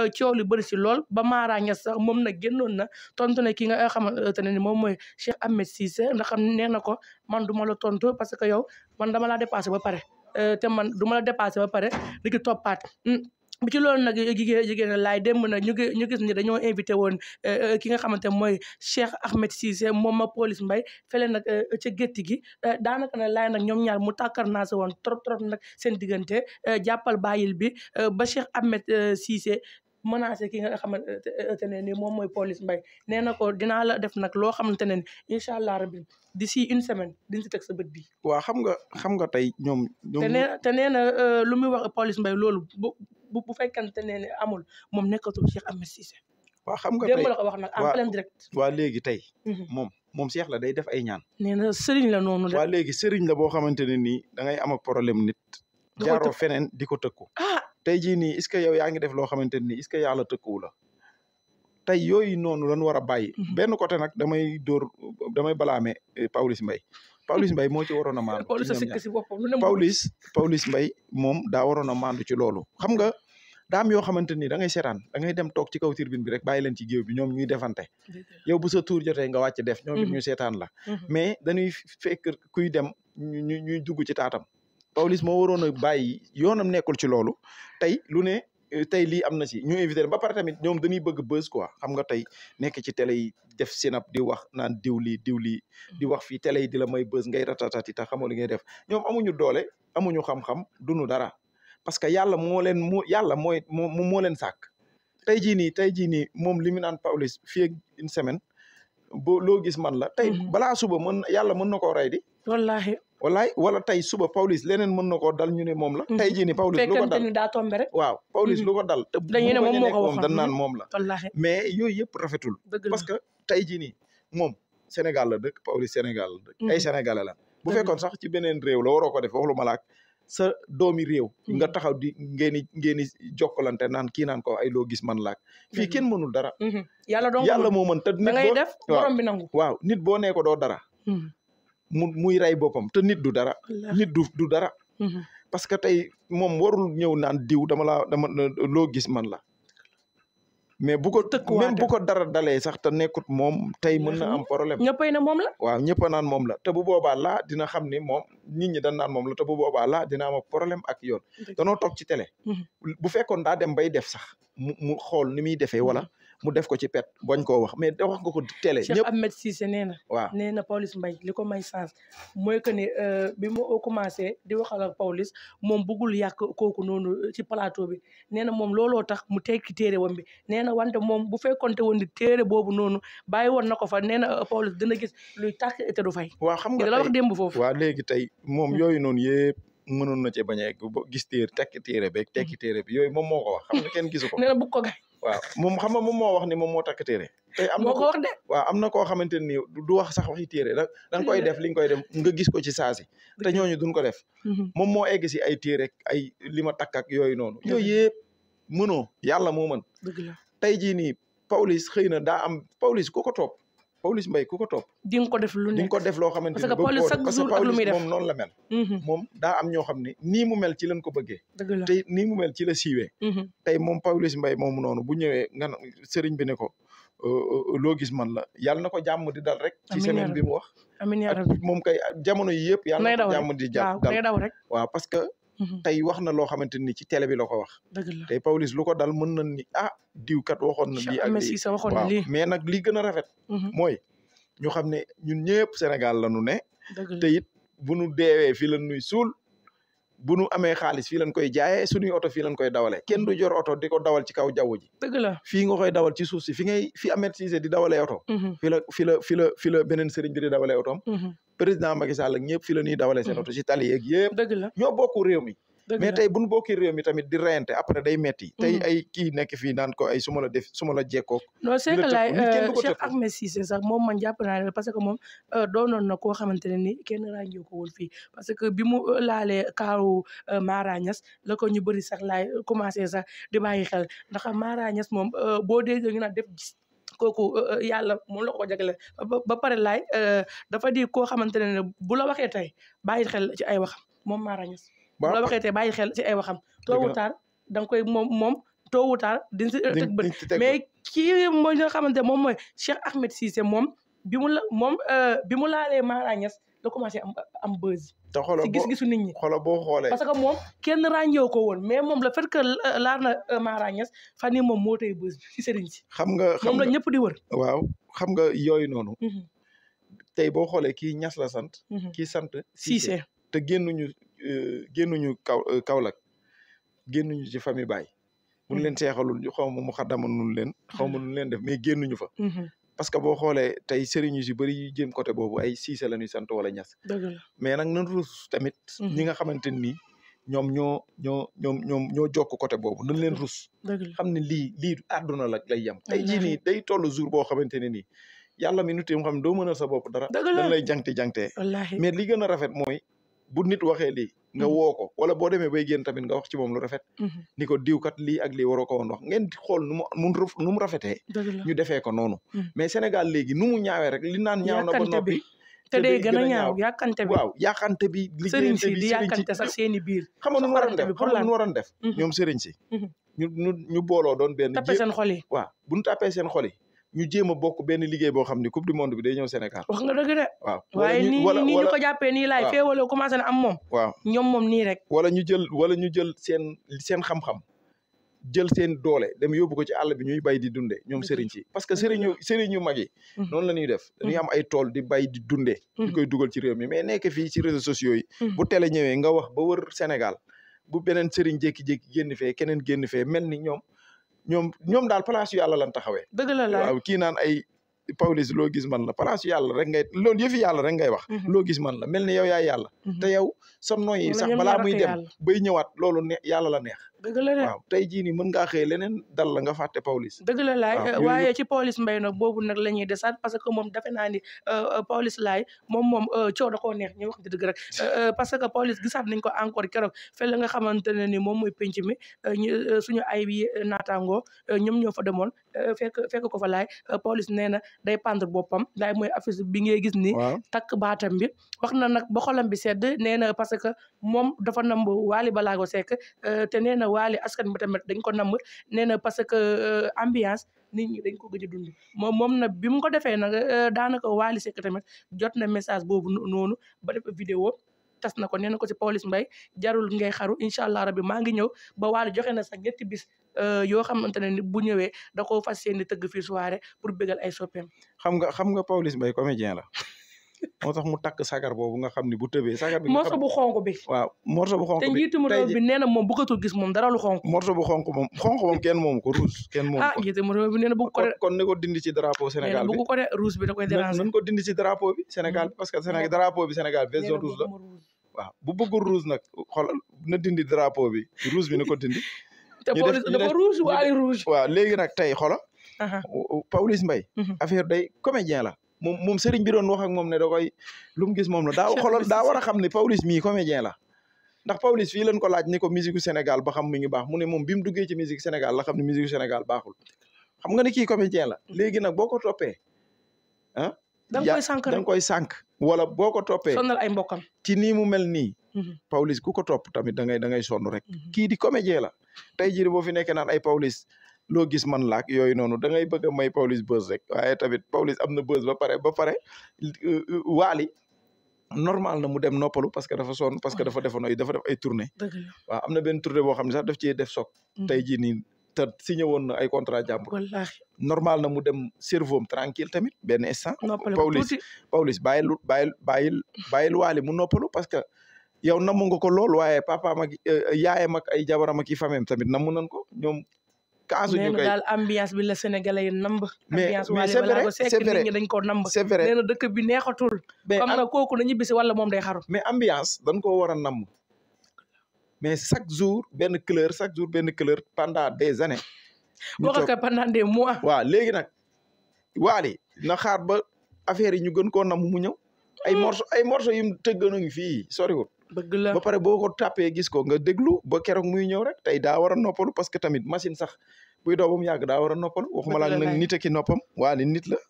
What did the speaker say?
Euh, coow li bëri si lool ba Mara Niass sax moom nag génnoon na tontu nga xamante euh, ne ni moom mooy Cheikh Ahmed Cissé ndax xam ko man du ma la tontu parce que yow man dama laa dépassé ba pare euh, te man du ma la dépassé ba pare di ki toppaat hmm. bi ci loolu nag jigéen jigéen laay démb nag ñu ñu gis ni invité woon ki nga xamante mooy Cheikh Ahmed Cissé moom ma police mbay fële nag ca gétti gi na nag laay nag ñoom ñaar mu tàkkar naa si woon trop trop na seen diggante jàppal bàyyil bi ba Cheikh Ahmed menacé ki nga xamante ne ni moom mooy police mbay nee na ko dinaa la def nag loo xamante ne ni incha allah rabbi d'ici une semaine diñ si teg sa bët bi waaw xam nga xam nga tey ñoom. te nee te na euh, lu muy wax police mbay loolu bu bu bu fekkante ne amul moom nekkatul Cheikh Ahmed Cissé. waaw xam nga tey démb la wax nag en plein waa léegi tey. Mhm. moom moom Cheikh la day def ay ñaan. nee na sëriñ la noonu. waaw léegi sëriñ la boo xamante ne nii da ngay am ak problème nit. jaaroo feneen di ko tëkku. Ah, tey jii nii est ce que yow yaa ngi def loo xamante ni est ce que yàlla tëkkuwu la tey yooyu noonu lañ war a bàyyi. Mhm. benn côté nag damay dóor damay balaame eh, Pawlish Mbaye Pawlish Mbaye moo ci waroon a maandu. Pawlish Pawlish Mbaye moom daa waroon a maandu ci loolu. xam nga daa am yoo xamante ni da ngay seetaan da ngay dem toog ci kaw turbine bi rek bàyyi leen ci géew bi ñoom ñuy defante. yow bu sa tuur jotee nga wàcc def. ñoom it mhm. ñu seetaan la. Mhm. mais dañuy fekk kuy dem ñu ñuy dugg ci taatam. Pawlish moo waroon a bàyyi yoonam nekkul ci loolu tey lu ne euh, tey lii am na si ñu invité ba pare tamit ñoom dañuy bëgg buzz quoi xam nga tey nekk ci télé yi def sinap di wax naan diw lii diw lii di wax fii télé yi di la may buzz ngay ratatati tax xamoo li ngay def ñoom amuñu doole amuñu xam-xam duñu dara parce que yàlla moo leen moo yàlla mooy moo moo leen sàkk tey jii nii tey jii nii moom li mu naan Pawlish fii ak une semaine boo loo gis man la tey mhm. balaa suba mën yàlla mën na koo rey di wallaahi. walaay wala tey suba Pawlish leneen mën na koo dal ñu ne moom la. Mm-hmm. tey jii ni Pawlish lu ko dal fekkente daa tombé rek. waaw Pawlish lu ko mm-hmm. moom moo ko waxoon moom la. wallaahi mais yooyu yëpp rafetul. parce que tey jii nii moom Sénégal la dëkk Pawlish Sénégal la dëkk. ay mm-hmm. Sénégalais la bu fekkoon sax ci beneen réew la waroo ko def waxlu malaak sa doomi réew. nga taxaw di ngeen di ngeen di jokkalante naan kii naan ko ay loo gis man laak. fii kenn mënul dara. yala dong yàlla moo mën te nit boo da ngay def waaw nit boo nee ko doo dara mu muy rey boppam te nit du dara. nit du dara. Mm-hmm. parce que tey moom warul ñëw naan diw dama laa dama loo gis man la. mais bu ko même bu ko dara dalee sax te nekkut moom tey mën na am problème. ñëppay na moom la. waaw ñëpp a naan moom la te bu boobaa laa dina xam ni moom nit ñi dañ naan moom la te bu boobaa laa dina am problème ak yoon. danoo toog ci télé. Mm-hmm. bu fekkoon daa dem bay def sax mu mu xool ni muy defee wala mm-hmm. mu def ko ci pet boñ koo wax mais wax nga ko télé. ñëpp a Ahmed Cissé nee na. waaw nee na Pawlish li ko may sens mooy que ne euh, bi mu commencé di waxal ak Pawlish moom bëggul yàq kooku noonu euh, ci plateau bi nee na moom looloo tax mu tekki téere woon bi nee na wante moom bu fekkonte woon ni téere boobu noonu bàyyi woon na ko fa nee na euh, Pawlish dina gis luy tàkk te du fay. waaw xam nga tey la démb foofu. waaw léegi tey moom hmm. yooyu noonu yëpp mënoon na cee a egg ba gis téere tekki téere beeg hmm. tekki téere bi yooyu moom xa ko wax xam nga kenn gisu ko nee na bug ko gay waaw moom xam ni ko wax de waaw du wax sax waxi téere da nga koy hmm. def li koy def nga gis ko ci saasi te hmm. ñooñu duñ ko def moom moo egg si ay téere ak ay li ma takk ak yooyu noonu yooyu yëpp mënoo yàlla moo mën dëgg na daa am Pawlish ku ko topp Pawlish Mbaye ku ko topp. di nga ko def lu nekk di nga ko def loo xamante ni parce que Pawlish moom noonu la mel. Mm-hmm. moom daa am ñoo xam ne nii mu mel ci lañ ko bëggee. dëgg la tey nii mu mel ci mm-hmm. tey moom Pawlish Mbaye moomu noonu bu ñëwee nga sëriñ bi ne ko euh, euh, loo ko jàmm di dal rek. ci semaine bi wax. amiin kay jamono yi yëpp. yàlla na ko dal waaw parce Mm-hmm. tey wax na loo xamante ni ci télé bi la ko wax. tey Pawlish lu ko dal mën na ni ah diw kat waxoon na. lii ak nag li a rafet. Mm-hmm. mooy ñu xam ne ñun ñëpp Sénégal la ñu ne. te it la nuy suul. bu nu amee xaalis fii lañ koy jaayee suñuy oto fii lañ koy dawalee kenn du jor oto di ko dawal ci kaw jaww ji dëgg la fii nga dawal ci suuf si fi ngay fi Ahmed Cissé di oto mhm. fi la fi la fi di dawalee otoom mhm. président Macky Sall ak ñëpp fi la ñuy seen mhm. oto ci tali yeeg yëpp dëgg la ñoo bokku mais tey bu nu bokkee réew mi tamit di reyante après day metti mm. tey ay kii nekk fii naan ko ay su def su ma la jekkook non c'est que laay euh, Cheikh sax moom man jàpp naa ne parce que moom euh, doonoon na koo xamante ne ni kenn ràññee ko woon fii parce que bi mu euh, laalee kaaru Mara Niass la ko ñu bëri sax laay commencé sax di bàyyi xel ndax Mara Niass moom boo déggee ñu naan def gis kooku yàlla moom la ko jagle ba pare laay dafa di koo xamante ne bu la waxee tey bàyyi xel ci ay wax moom Mara Niass waaw loo waxee te bàyyi xel ci ay waxam. dëgg la tôt koy moom moom tôt ou tard dina ci teg bët mais kii mooy nga xamante moom mooy Cheikh Ahmed Cissé moom bi mu la moom euh, bi mu laalee Mara Niass la commencé am am buzz. te xooloo boo ci gis-gisu nit ñi xooloo boo xoolee. parce que moom kenn ràññeewu ko woon mais mom le fait que laar na euh, Mara Niass fan yii moom moo tey buzz ci sëriñ si. xam nga xam nga moom la ñëpp di wër. waaw xam nga yooyu noonu. Mhm. tey boo xoolee kii Niass la sant. Mhm. kii sant Cissé te génnuñu. Euh, génnuñu kaw euh, Kaolack génnuñu ci famille Baye. mun leen mm-hmm. seexalul xaw ma mu xaddamanu leen. xaw ma nu leen def mais génnuñu fa. Mm-hmm. parce que boo xoolee tey sëriñ yu si bëri yu jëm côté boobu ay Cissé la ñuy sant wala Ñas. mais nag nan ruus tamit. a mm-hmm. nga xamante ni ñoom ñoo ñoo ñoom ñoom ñoo jokk côté boobu nan le ruus. xam ne li lii àdduna la lay yem. tey jii nii day toll jour boo xamante ne ni yàlla mi nit yi nga xam ne doo mënal sa bopp dara. dëgg la dañ lay jangte jangte. mais li gën a rafet mooy bu nit waxee li nga mhm. woo ko wala boo demee bay génn tamit nga wax ci moom lu rafet mhm. ni ko diwkat lii ak lii waroo ko woon wax ngeen xool nu mu nu mu rafetee ñu ko noonu mhm. mais Sénégal léegi nu mu ñaawee rek li naan ñaaw na ba noppi te day gën a ñaaw yàqante bi waaw yàqante bi sëriñ si di yàqante sax seen i biir xam nga nu mu waroon def xam nga nu mu waroon def ñoom sëriñ si ñu ñu ñu doon benn tapé seen xol bu ñu tapé ñu jéem a bokk benn liggéey boo xam ni coupe du monde bi day ñëw Sénégal. wax nga dëgg de. waaw waaye nii nii ñu ko jàppee nii laay fee wala commencé na am moom. waaw ñoom moom nii rek. wala ñu jël wala ñu jël seen seen xam-xam jël seen doole dem yóbbu ko ci àll bi ñuy bay di dunde ñoom sëriñ si parce que sëriñ yu sëriñ yu mag yi mm-hmm. noonu la ñuy def mm-hmm. dañuy am ay tool di bay di dunde ñu mm-hmm. koy dugal ci réew mi mais nekk fii ci réseaux sociaux yi bu télé ñëwee nga wax ba wër Sénégal bu beneen sëriñ jékki-jékki génn fee keneen génn fee mel ni ñoom ñoom ñoom daal place yu yàlla lan taxawee. dëgg la laay waaw kii naan ay. Pawlish loo gis man la place yàlla rek ngay loolu yëfi yàlla rek ngay wax mhm. loo gis man la mel ni yow yaay yàlla mhm. te yow sam nooyi sax balaa muy dem bay ñëwaat loolu ne yàlla la neex dëgg la de waaw tey jii nii mën ngaa xëy leneen dal nga fàtte Pawlish dëgg la laay eh, waaye ci Pawlish Mbaye nag boobu parce que moom defe naa ni euh, euh, Pawlish moom moom euh, coow da koo neex ñu wax dëgg parce que Pawlish gisaat nañ ko encore keroog xamante ne ni moom mooy penc mi ñu suñu ay bi naataangoo ñoom ñoo fa demoon fekk fekk ko fa laay Pawlish nee na day pendre boppam laay mooy affiche bi ngay gis nii takk baatam bi wax na nag ba xolam bi sedd nee na parce que moom dafa namb Wally Ballago Seck te nee waale askan bi tamit dañ ko namm nee na parce que euh, ambiance nit ñi dañ ko gëj a dund moom moom na bi mu ko defee nag euh, daanaka Wally Seck tamit jot na message boobu noonu ba def vidéo tas na ko nee na ko ci Pawlish Mbaye jarul ngay xaru incha allah rabbi maa ngi ñëw ba Wally joxe na sax ñetti bis euh, yoo xamante ne ni bu ñëwee da koo fas yéene tëgg fii soirée pour bégal ay soppeem xam nga xam nga Pawlish Mbaye la moo tax mu takk sagar boobu nga ni bu tëbee sagar bi morso bu xonk bi waaw morso bu xonk bi te njiitum réew bi gis moom dara lu xonk morso bu xonk moom xonk moom ko rouge kenn moomu ko ah ci drapeau Sénégal bi Sénégal parce que drapeau bi Sénégal mm-hmm. version rouge la waaw bu bëggul rouge drapeau bi rouge bi na ko dindi te Pawlish dafa rouge waali rouge waaw léegi tey xoolal Pawlish Mbaye mm-hmm. affaire day comédien la moom moom sëriñ bi doon wax ak moom ne da koy lu moom la daa xoolal daa war a xam ne Pawlish mii comédien la ndax Pawlish fii lañ ko laaj ni ko musique u Sénégal ba xam mi ngi baax mu ne moom bi mu duggee ci musique Sénégal la xam ne musique u Sénégal baaxul xam nga ni kii comédien la léegi nag boo ko toppee ah da koy sànq da koy sànq wala boo ko toppee sonal ay mbokkam ci nii mu mel nii mhm. Pawlish ku ko topp tamit da ngay da ngay sonn rek mhm. kii di comédien la tey jii boo fi nekkee naan ay Pawlish loo gis man laak yooyu noonu da ngay bëgg a may Pawlish buzz waaye tamit Pawlish am na buzz ba pare ba pare waali normal na mu dem noppalu parce que dafa sonn parce que dafa defoon def ay tournée waaw am na benn tournée boo xam ne sax daf ci def soog mhm. tey jii nii te signé woon na ay contrat jàmbur wallaahi normal na mu dem cerveau tranquille tamit benn instant Pawlish Pawlish waali mu noppalu parce que yow namu nga lool waaye papaam ak e, yaayam ak ay tamit namu nan kaasu ñu koy daal ambiance bi la sénégalais yi namb mais c'est vrai c'est vrai dañ ko namb c'est vrai nee na dëkk bi neexatul xam na kooku na ñibbisi wala moom day xaru mais ambiance dañ ko war a namb mais chaque jour benn couleur chaque jour benn couleur pendant des années boo ko pendant des mois waaw léegi nag waali na xaar ba affaire yi ñu gën koo namb mu ñëw ay hmm. morceau ay morceau yu mu tëgganu ngi fii soriwul dëgg la ba pare boo ko tàppee gis ko nga déglu ba keroog muy ñëw rek tey daa war a noppalu parce que tamit machine sax buy doo ba mu yàgg daa war a noppalu waxuma laa nag nit a ki noppam nit la